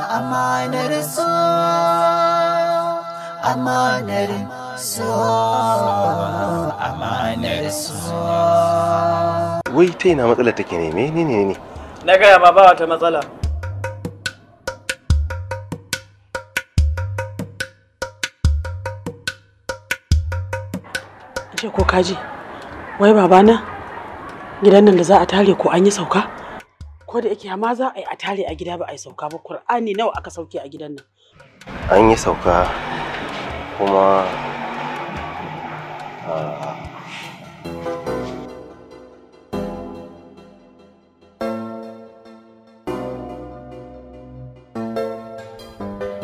Amanar so, amanar so, amanar so. Wai ta ina matsalar take ne me ne ne ne? Na gaya ma ba wata matsala. ko kaji? Wai babana gidan nan da za a tare ko an yi sauka? ko da yake ma za a yi a a gida ba a yi sauka ba Kur'ani nawa aka sauke a gidan nan an yi sauka kuma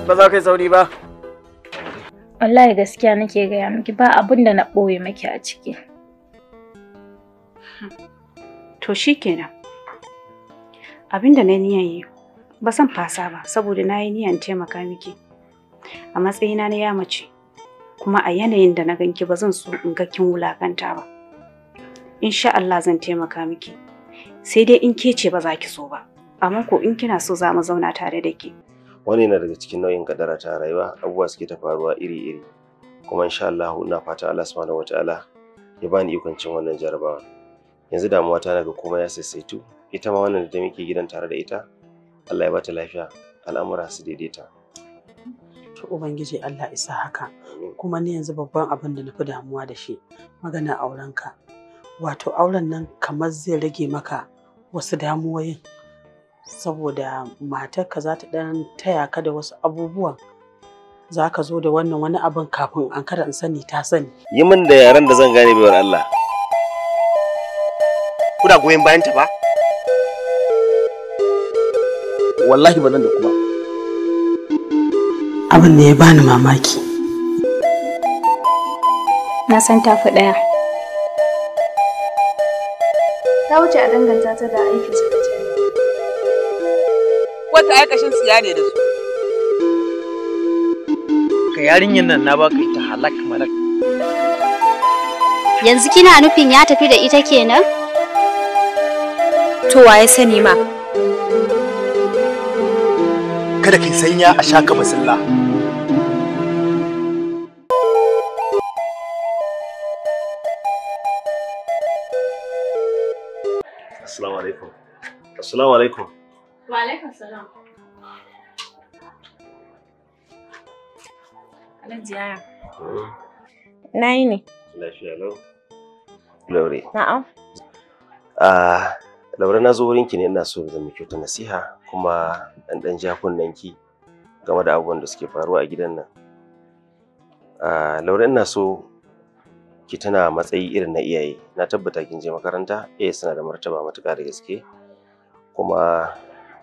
ba za ka yi sauri ba wallahi gaskiya nake gaya miki ba abin da na ɓoye maki a ciki to shikenan Abin da na niyan yi ba zan fasa ba saboda na yi niyan taimaka miki a matsayina na ya mace kuma a yanayin da na ganki ba zan so in ga kin wulakanta ba insha Allah zan taimaka miki sai dai in ke ce ba za ki so ba amma ko in kina so za mu zauna tare da ke wani yana daga cikin nau'in kadara ta rayuwa abubuwa suke ta faruwa iri-iri kuma insha Allah ina fata Allah subhanahu wataala ya bani ikon cin wannan jarabawa yanzu damuwa ta naga komai ya saisaitu ita ma wannan da muke gidan tare da ita Allah ya bata lafiya al'amura su daidaita to ubangiji Allah isa haka kuma ni yanzu babban abin da nufi damuwa da shi magana auren ka wato auren nan kamar zai rage maka wasu damuwoyin saboda matar ka za ta ɗan taya ka da wasu abubuwan za ka zo da wannan wani abin kafin an kada in sani ta sani. Yi min da yaren da zan gane baiwar Allah. Kuna goyon bayan ba? wallahi ba nan da kuma abin da ya bani mamaki na san tafi ɗaya ta wuce a danganta ta da aikin su da jami'a wata aikashin siya ne da su ka yarinyar nan na baka ita halak malak yanzu kina nufin ya tafi da ita kenan to waye sani ma kada ki sanya a shaka basilla Assalamu alaikum. Assalamu alaikum. Wa alaikum salam. Alhaji yaya. Hmm. Na yi ne. Lafiya lau. Laure. Na'am. Ah, Laure na zo wurinki ne ina so zan miki wata nasiha. kuma ɗanɗan ɗan ja ki game da abubuwan da suke faruwa a gidan nan. Lauren ina so ki tana matsayi irin na iyaye na tabbata kin je makaranta iyaye eh, suna da martaba matuƙa da gaske kuma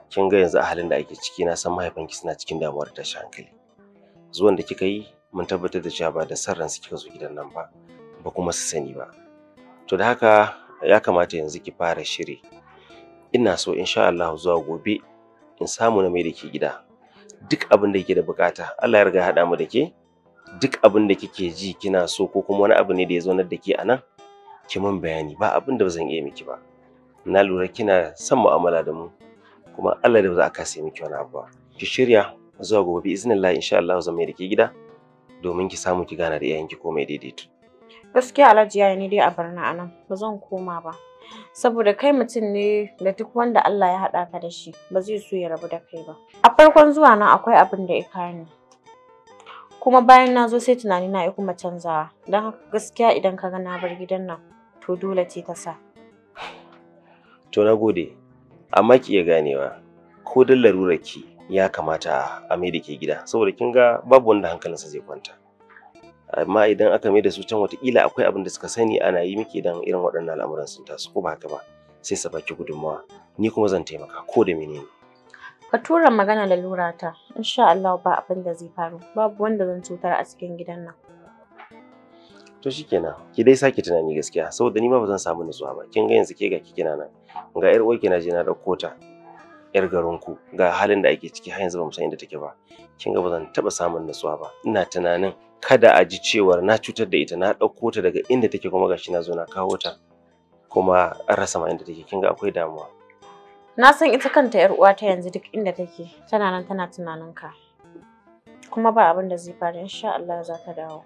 kin ga yanzu a halin da ake ciki na san mahaifanki suna cikin damuwar tashin hankali zuwan da kika yi mun tabbatar da cewa ba da san ransu kika zo gidan nan ba ba kuma su sani ba to da haka ya kamata yanzu ki fara shiri ina so insha Allah zuwa gobe in samu na mai da ke gida duk abin da ke da bukata Allah ya riga haɗa mu da ke duk abin da kike ji kina so ko kuma wani abu ne da ya zaunar da ke a nan ki mun bayani ba abin da zan iya miki ba na lura kina son mu'amala da mu kuma Allah da ba za a kasa miki wani abu ba ki shirya zuwa gobe bi Allah insha Allah zan mai da ke gida domin ki samu ki gana da iyayenki komai daidaito gaskiya alhaji yayi ne dai a barna anan ba zan koma ba saboda kai mutum ne da duk wanda Allah ya haɗa ka da shi ba zai so ya rabu da kai ba a farkon zuwa na akwai abin da ya ni kuma bayan na zo sai tunani na yi kuma canzawa don haka gaskiya idan ka ga na bar gidan nan to dole ce ta sa to na gode amma ki iya ganewa ko don larurarki ya kamata a mai da ke gida saboda kin ga babu wanda hankalinsa zai kwanta amma idan aka mai da su can watakila akwai abin da suka sani ana yi miki idan irin waɗannan al'amuran sun taso ko ba haka ba sai sa baki gudunmawa ni kuma zan taimaka ko da menene ka tura magana da lura ta insha Allah ba abin da zai faru babu wanda zan cutar a cikin gidan nan to shikenan ki dai sake tunani gaskiya saboda ni ma ba zan samu nutsuwa ba kin ga yanzu ke ga kina nan ga yar uwarki na je na dauko ta yar garinku ga halin da ake ciki har yanzu ba mu san inda take ba kin ga ba zan taba samun nutsuwa ba ina tunanin kada a ji cewar na cutar da ita na ɗauko ta daga inda take kuma gashi na zo na kawo ta kuma an rasa ma inda take kinga akwai damuwa na san ita kanta yar uwa ta yanzu duk inda take tana nan tana tunanin ka kuma ba abin da zai faru insha Allah za ta dawo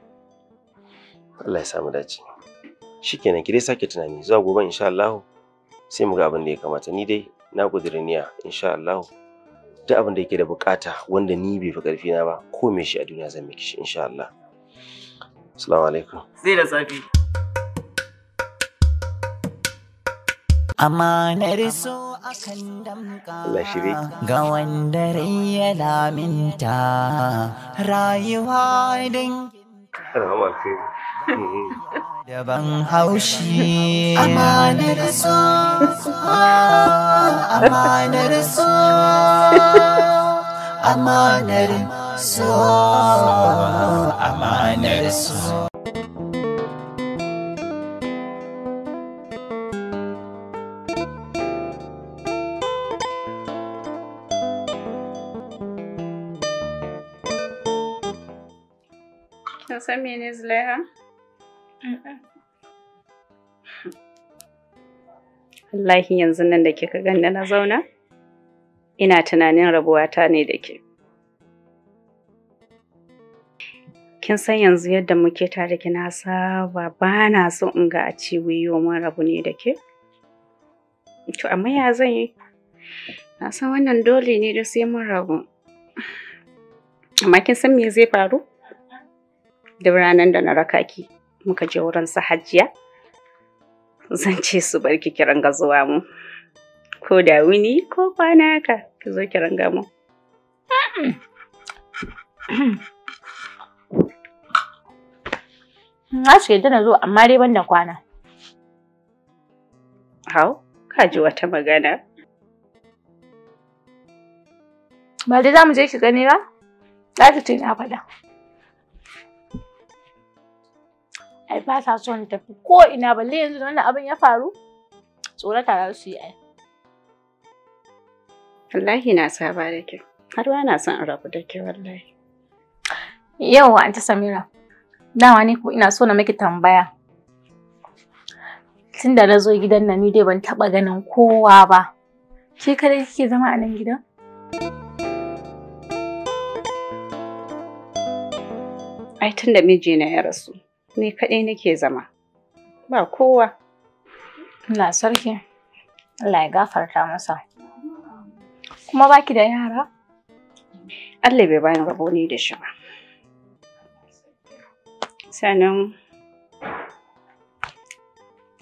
Allah ya samu dace shikenan ki dai sake tunani zuwa gobe insha Allah sai mu ga abin da ya kamata ni dai na kudiri niya, insha Allah duk abin da yake da bukata wanda ni bai fi karfi na ba ko me shi a duniya zan miki shi insha Allah Assalamu alaikum. Sai da safi. Amanar so akan damka ga wanda rai ya laminta rayuwa din. Rahama Daban haushi. Amanar so, amanar so, amanar. su amanar su san yanzu nan da kika ganna na zauna, ina tunanin rabuwata ne da ke. kin san yanzu yadda muke tare ki na saba ba na so in ga a ce wiyo mun rabu ne da ke to amma ya zan yi na san wannan dole ne da sai mun rabu amma kin san me zai faru da ranar da na raka ki muka je wurin su hajiya zan ce su barki ki kiran zuwa mu ko da wuni ko kwana ka ki zo ki ranga mu Na ce da na zo amma dai banda kwana. Hau, ka ji wata magana. Ba dai za mu je ki gani ba? Za ki ce na faɗa. Ai ba ta son tafi ko ina balle yanzu da wannan abin ya faru. Tsorata za su yi ai. Wallahi na saba da ke. Har na son in rabu da ke wallahi. Yau an ta Samira. Dama ne ko ina so na miki tambaya. Tun da na zo gidan nan ni dai ban taɓa ganin kowa ba. Ke kadai kike zama a nan gidan? Ai tun da mijina ya rasu, ni kaɗai nake zama. Ba kowa. Ina sarki. Allah ya gafarta masa. Kuma baki da yara? Allah bai bani rabo ni da shi ba. sannan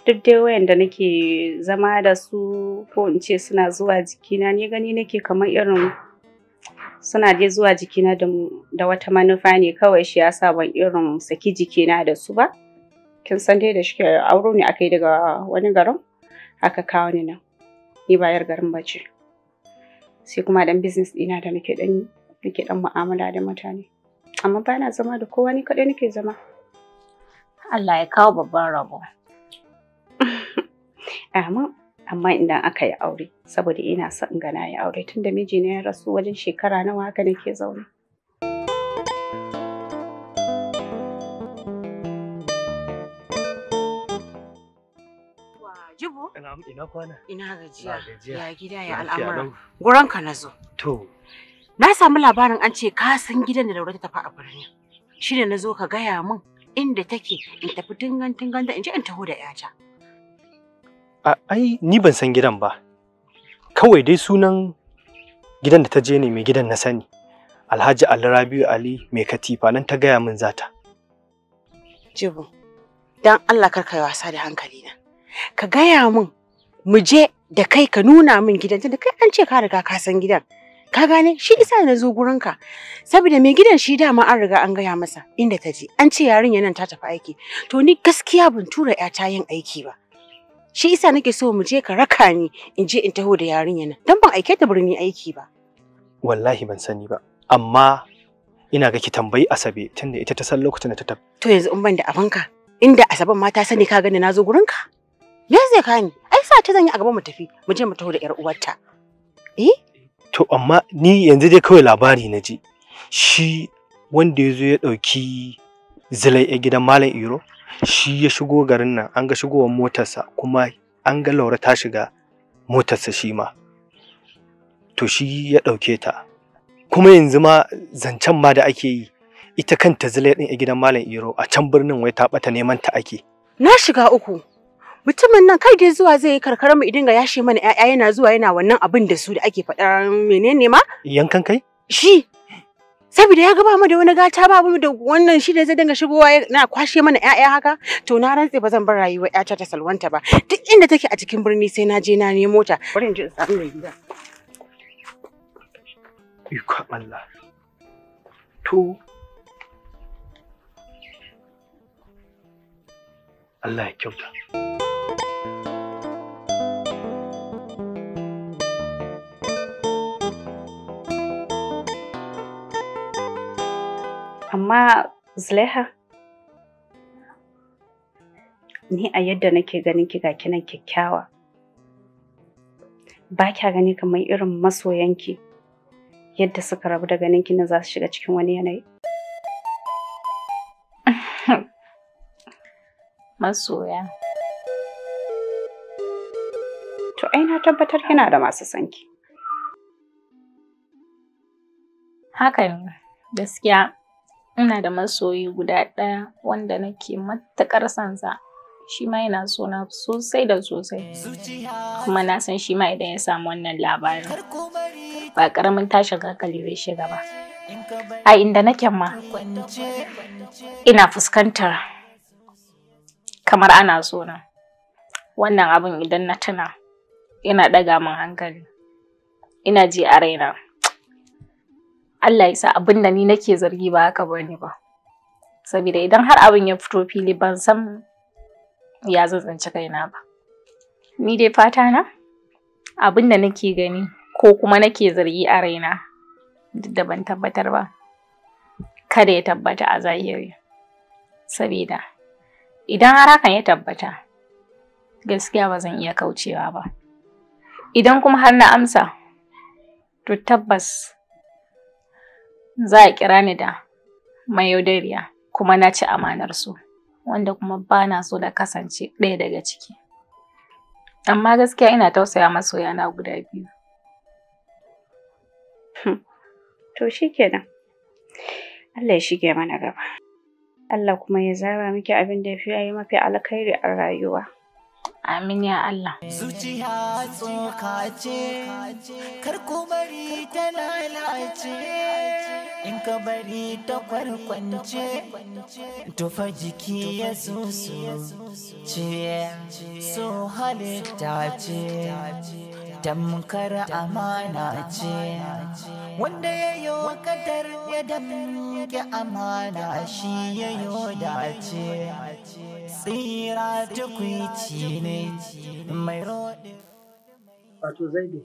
duk dai wayan da nake zama da su ko in ce suna zuwa jikina ni gani nake kamar irin suna dai zuwa jikina da wata manufa ne kawai shi ya sa ban irin saki jikina da su ba kin san dai da shi auro ne aka yi daga wani garin aka kawo ni nan ni bayar garin bace sai kuma dan business dina da nake dan nake mu'amala da mutane amma ba na zama da kowa ni kaɗai nake zama Allah ya kawo babban rabo. Amma, Amma idan aka yi aure, saboda ina son in gana ya aure tunda mijina ya rasu wajen shekara nawa haka nake zaune. Ina gajiya. Ya gida ya al'amura. Guranka na zo. To. Na samu labarin an ce ka gidan da Laura ta tafi a birni. Shi ne na zo ka gaya min. inda take in tafi tungan tungan da in je in taho da yata. A ai ni ban san gidan ba. Kawai dai sunan gidan da ta je ne mai gidan na sani. Alhaji Ali Rabiu Ali mai katifa nan ta gaya min zata. Jibo, dan Allah kar ka yi wasa da hankali na. Ka gaya min mu je da kai ka nuna min gidan tunda kai an ce ka riga ka san gidan. ka gane shi isa na zo gurinka saboda mai gidan shi dama an riga an gaya masa inda ta je an ce yarinya nan ta tafi aiki to ni gaskiya ban tura ta yin aiki ba shi isa nake so mu je ka raka ni in je in taho da yarinya nan dan ban aike ta birni aiki ba wallahi ban sani ba amma ina ga ki tambayi asabe tunda ita ta san lokacin da ta tafi to yanzu in ban da abanka inda asaban ma ta sani ka gane na zo gurinka me zai kani ai sa ta zan yi a gaban mu tafi mu je mu taho da yar uwarta eh to amma ni yanzu dai kawai labari na ji shi wanda ya zo ya ɗauki zilai a gidan malam iro shi ya shigo garin nan an ga shigowar motarsa kuma an ga laura ta shiga motarsa shi ma to shi ya ɗauke ta kuma yanzu ma zancen ma da ake yi ita kanta zilai ɗin a gidan malam iro a can birnin wai ta ɓata neman ta ake na shiga uku mutumin nan kai dai zuwa zai yi karkarar mu idan ga yashe mana ƴaƴa yana zuwa yana wannan abin da su da ake faɗa menene ma yankan kai shi saboda ya gaba mu da wani gata ba mu da wannan shi da zai dinga shigowa na kwashe mana ƴaƴa haka to na rantse ba zan bar rayuwar ƴata ta salwanta ba duk inda take a cikin birni sai na je na nemo ta bari in ji in samu mai gida ikon Allah to Allah ya kyauta. Amma Zulaiha, ni a yadda nake ganin ki ga nan kyakkyawa. Ba kya gani kamar irin masoyanki yadda suka rabu da ganin ki na za su shiga cikin wani yanayi. Masoya. To ai na tabbatar kina da masu sanki. Hakan gaskiya ina da masoyi guda ɗaya wanda nake matuƙar son sa shi ma yana so na sosai da sosai kuma na san shi ma idan ya samu wannan labarin ba ƙaramin tashin hankali zai shiga ba a inda nake ma ina fuskantar kamar ana so na wannan abin idan na tuna yana ɗaga min hankali ina ji a raina Allah ya sa abin da ni nake zargi ba haka bane ba saboda idan har abin ya fito fili ban san ya zantsanci kaina ba ni dai fata na abin da nake gani ko kuma nake zargi a raina duk da ban tabbatar ba kada ya tabbata a zahiri saboda idan har hakan ya tabbata gaskiya ba zan iya kaucewa ba idan kuma har na amsa to tabbas za a kira ni da mayaudariya kuma na ci amanar su wanda kuma ba na so da kasance ɗaya daga ciki. Amma gaskiya ina tausaya masoya na guda biyu. Hmm. To shi kenan. Allah ya shige mana gaba. Allah kuma ya zara miki abin da ya fi yi mafi alkhairi a rayuwa. Amin ya Allah. Zuciya tsoka ce, karku bari ta lalace, in ka bari ta kwarkwance, tufa jiki ya susu ce, so halitta ce. tamkar amana ce wanda ya yi kadar ya damke amana shi ya yi dace tsira tukwici ne mai rode wato zaidu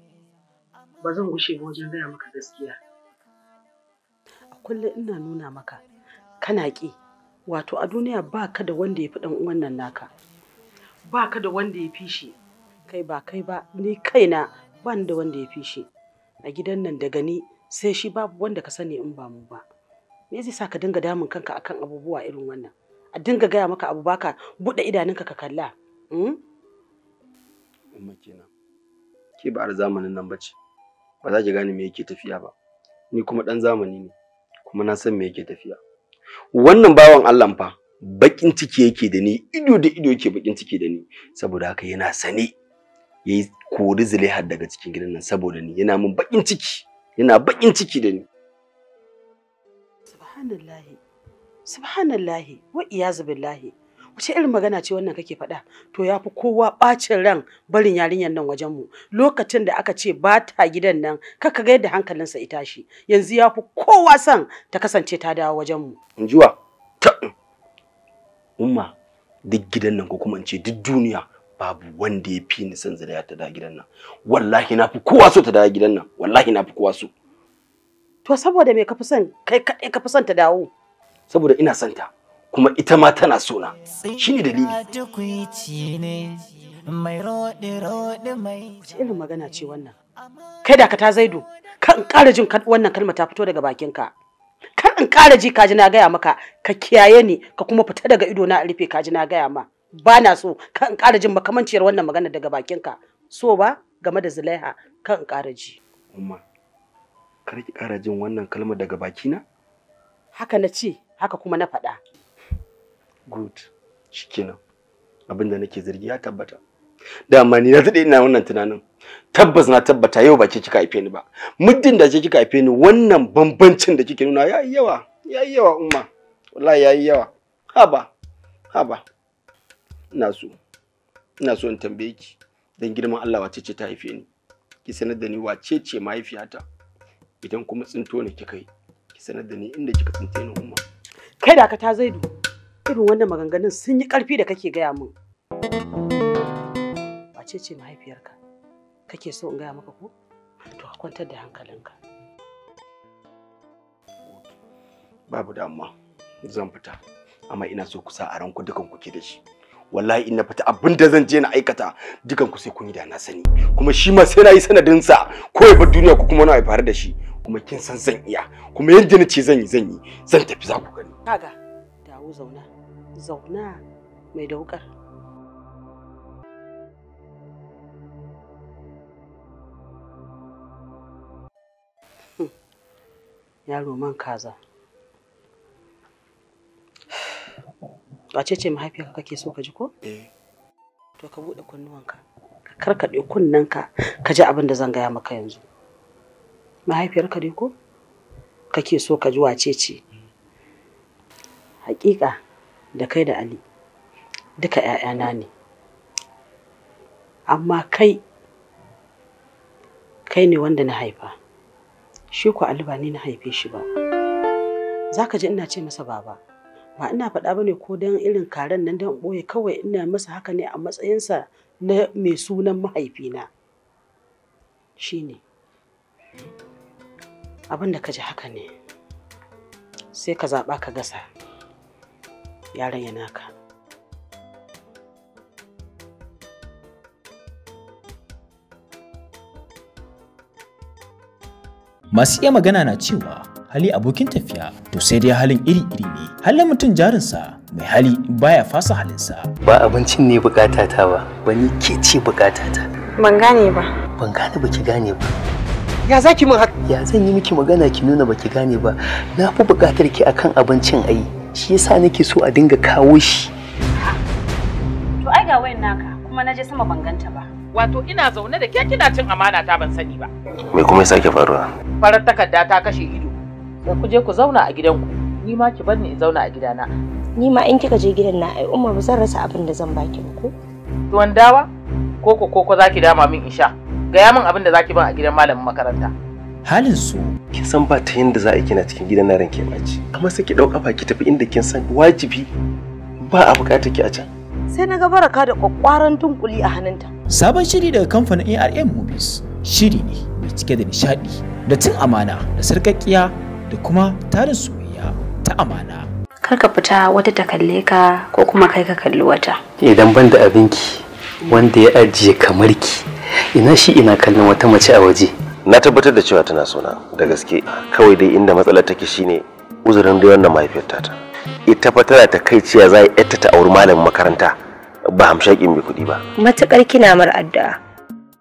ba zan gushe ba wajen gaya maka gaskiya a kullum ina nuna maka kana ƙi wato a duniya ba ka da wanda ya fi ɗan uwan nan naka ba ka da wanda ya fi shi kai ba kai ba ni kaina ba da wanda ya fi shi a gidan nan daga ni sai shi babu wanda ka sani in ba mu ba me zai sa ka dinga damun kanka akan abubuwa irin wannan a dinga gaya maka abu baka buɗe idanunka ka kalla hmm? umma kenan ke ba ar zamanin nan bace ba za ki gane me yake tafiya ba ni kuma ɗan zamani ne kuma na san me yake tafiya wannan bawan Allah fa bakin ciki yake da ni ido da ido yake bakin ciki da ni saboda haka yana sani. ya yi kori zulaiha daga cikin gidan nan saboda ni yana min bakin ciki yana bakin ciki da ni subhanallahi subhanallahi wa iyazu billahi wace irin magana ce wannan kake faɗa to ya fi kowa ɓacin ran barin yarinyar nan wajen mu lokacin da aka ce ba ta gidan nan kaka ga yadda hankalinsa ya tashi yanzu ya fi kowa san ta kasance ta dawo wajen mu injuwa umma duk gidan nan ko kuma in ce duk duniya babu wanda ya fi ni son zuriya ta da gidan nan wallahi na fi kowa so ta da gidan nan wallahi na fi kowa so to saboda me ka fi son kai kaɗai ka fi son ta dawo saboda ina son ta kuma ita ma tana so na shine dalili mai roɗe roɗe mai wace irin magana ce wannan kai da ka ta zaido Kan in ƙara jin wannan kalma ta fito daga bakinka kar in ƙara ji kaji na gaya maka ka kiyaye ni ka kuma fita daga ido na rufe kaji na gaya ma ba na so kan ƙara jin makamanciyar wannan magana daga bakinka so ba game da zulaiha kan ƙara ji umma kar ki ƙara jin wannan kalmar daga bakina haka na ce haka kuma na faɗa good shikenan abin da nake zargi ya tabbata dama ni na daɗe ina wannan tunanin tabbas na tabbata yau ba ke kika haife ni ba muddin da ke kika haife ni wannan bambancin da kike nuna yayi yawa yayi yawa umma wallahi yayi yawa haba haba ina so ina so in tambaye ki dan girman Allah wace ce ta haife ni ki sanar da ni wace ce mahaifiyata idan kuma tsinto ne ki kai ki sanar da ni inda kika tsinte ni umma kai da ka ta zaidu irin wannan maganganun sun yi karfi da kake gaya min wace ce mahaifiyarka kake so in gaya maka ko to a kwantar da hankalinka babu damuwa zan fita amma ina so ku sa a ranku dukan ku ke da shi wallahi in na fita abin da zan je na aikata dukan ku sai kun yi da na sani kuma shi ma sai na yi sanadin sa ko ya bar duniya ko kuma na faru da shi kuma kin san zan iya kuma yadda na ce zan yi zan yi zan tafi za ku gani kaga dawo zauna zauna mai daukar hmm. yaro man kaza Wace ce mahaifiyarka kake so ka ji ko? Eh. To ka buɗe kunnuwanka. Ka karkaɗe kunnenka ka ji abin da zan gaya maka yanzu. Mahaifiyarka dai ko? Kake so ka ji wace ce? Hakika da kai da Ali duka ‘ya'yana ne. Amma kai kai ne wanda na haifa. Shi ko Ali ba ni na haife shi ba. Za ka ji ina ce masa baba. ba ina faɗa bane ko dan irin karen nan dan ɓoye kawai ina masa haka ne a matsayinsa na mai sunan mahaifina shi ne ka ji haka ne sai ka zaɓa ka gasa yaran ya naka masu iya magana na cewa hali abokin tafiya to sai dai halin iri-iri ne halin mutum jarinsa mai hali baya fasa halinsa ba abincin ne bukata ta ba wani ke ce bukata ta ban gane ba ban gane ba ki gane ba ya za ki haka ya zan yi miki magana ki nuna ba ki gane ba na fi bukatar ki akan abincin ai shi yasa nake so a dinga kawo shi to ai ga wayan naka kuma na je sama ban ganta ba wato ina zaune da ke kina cin amana ta ban sani ba me kuma ya sake faruwa farar takarda ta kashe ido da ku je ku zauna a gidanku ni ma ki ni in zauna a gidana ni ma in kika je gidan na ai umma ba zan rasa abin da zan baki ba ko tuwon dawa koko koko zaki dama min in sha gaya min abin da zaki ban a gidan malamin makaranta halin su kin san ba ta yanda za a kina cikin gidan na ranke baci kuma sai ki dau kafa ki tafi inda kin san wajibi ba a bukata ki a can sai na ga baraka da kwakwaran tunkuli a hannunta sabon shiri daga kamfanin ARM Movies shiri ne mai cike da nishadi da cin amana da sarkakkiya da kuma tarin soyayya ta amana kar ka fita wata ta kalle ka ko kuma kai ka kalli wata idan ban da abinki wanda ya ajiye kamar ki ina shi ina kallon wata mace a waje na tabbatar da cewa tana sona da gaske kawai dai inda matsalar take shine uzurin da wannan mahaifiyar ta ita fa kai takaiciya za a ta auri malamin makaranta ba hamshakin mai kuɗi ba matukar kina mar addu'a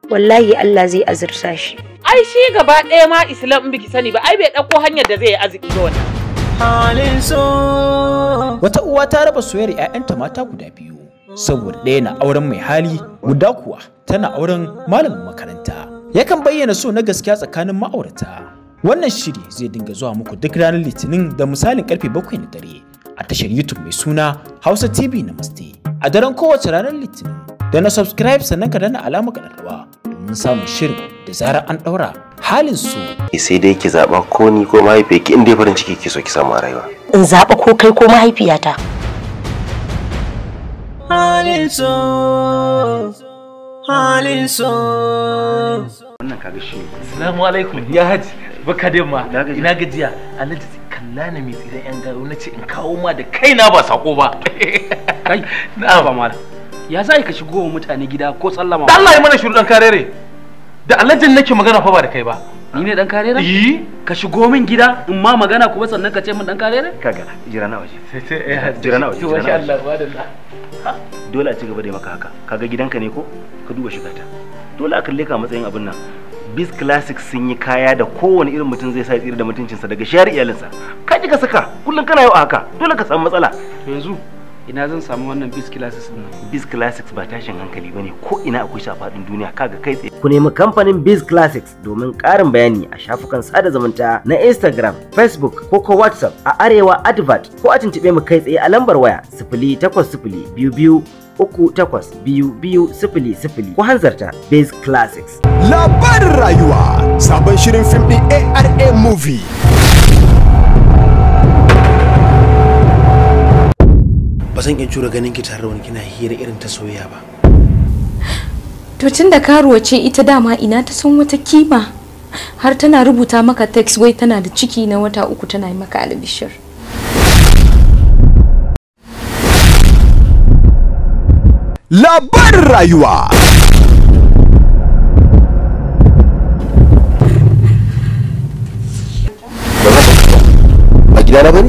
wallahi Allah zai azurta shi ai shi gaba ɗaya ma islam in biki sani ba ai bai ɗauko hanyar da zai yi arziki ga wannan wata uwa ta raba soyayyar 'ya'yanta mata guda biyu saboda ɗaya na auren mai hali guda kuwa tana auren malamin makaranta yakan bayyana so na gaskiya tsakanin ma'aurata wannan shiri zai dinga zuwa muku duk ranar litinin da misalin karfe bakwai na dare a tashar youtube mai suna hausa tv na namaste a daren kowace ranar litinin da na subscribe sannan ka dana alamar kararrawa domin samun shirin da zarar an ɗaura halin su. Eh, sai dai ki zaɓa ko ni ko mahaifiyarki in dai farin ciki ki so ki samu a rayuwa. In zaɓa ko kai ko mahaifiyata. Halin so, halin so. Wannan kaga shi. Assalamu alaikum ya haji baka dai ma ina gajiya alhaji kalla na mai tsira yan garo na ce in kawo ma da kaina ba sako ba. Kai na ba mala. ya za ka shigo wa mutane gida ko sallama da Allah ya mana shiru dan karere da alajin nake magana fa ba da kai ba ni ne dan karere yi ka shigo min gida in ma magana kuma sannan ka ce min dan karere kaga jira na waje Sai sai waje jira na waje Allah da dole a ci gaba da maka haka kaga gidanka ne ko ka duba ta dole a kalle ka matsayin abin nan bis classic sun yi kaya da kowane irin mutum zai sa tsira da mutuncinsa daga shari'a iyalinsa ka ji ka saka kullum kana yau a haka dole ka samu matsala yanzu ina zan samu wannan biz classics din nan biz classics ba tashin hankali bane ko ina akwai shi a duniya kaga kai tsaye ku nemi kamfanin biz classics domin ƙarin bayani a shafukan sada zumunta na instagram facebook ko ko whatsapp a arewa advert ko a tuntube mu kai tsaye a lambar waya sifili takwas sifili biyu sifili ko hanzarta biz classics labarin rayuwa sabon shirin fim ɗin ara movie ba san iya cura ganin ki tare wani kina hira irin ta soyayya ba to tunda karuwa ce ita dama ina ta san wata kima har tana rubuta maka text wai tana da ciki na wata uku tana yi maka albishir labarin rayuwa gidana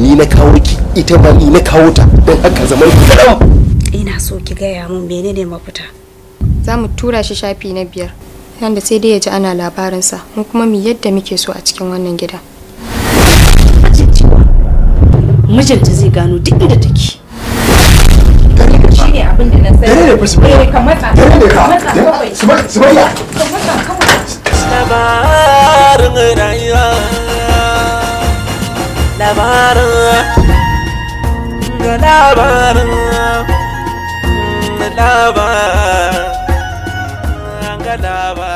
ni na kawo ki ita ba na kawo ta don haka zaman karam ina so ki gaya mun menene mafita za mu tura shi shafi na biyar nan da sai dai ya ji ana labarinsa mu kuma mu yadda muke so a cikin wannan gida mijinta zai gano duk inda take shine da na sani eh, ka matsa ka matsa kawai ka matsa labarin rayuwa labarin ga labarin labarin ga labarin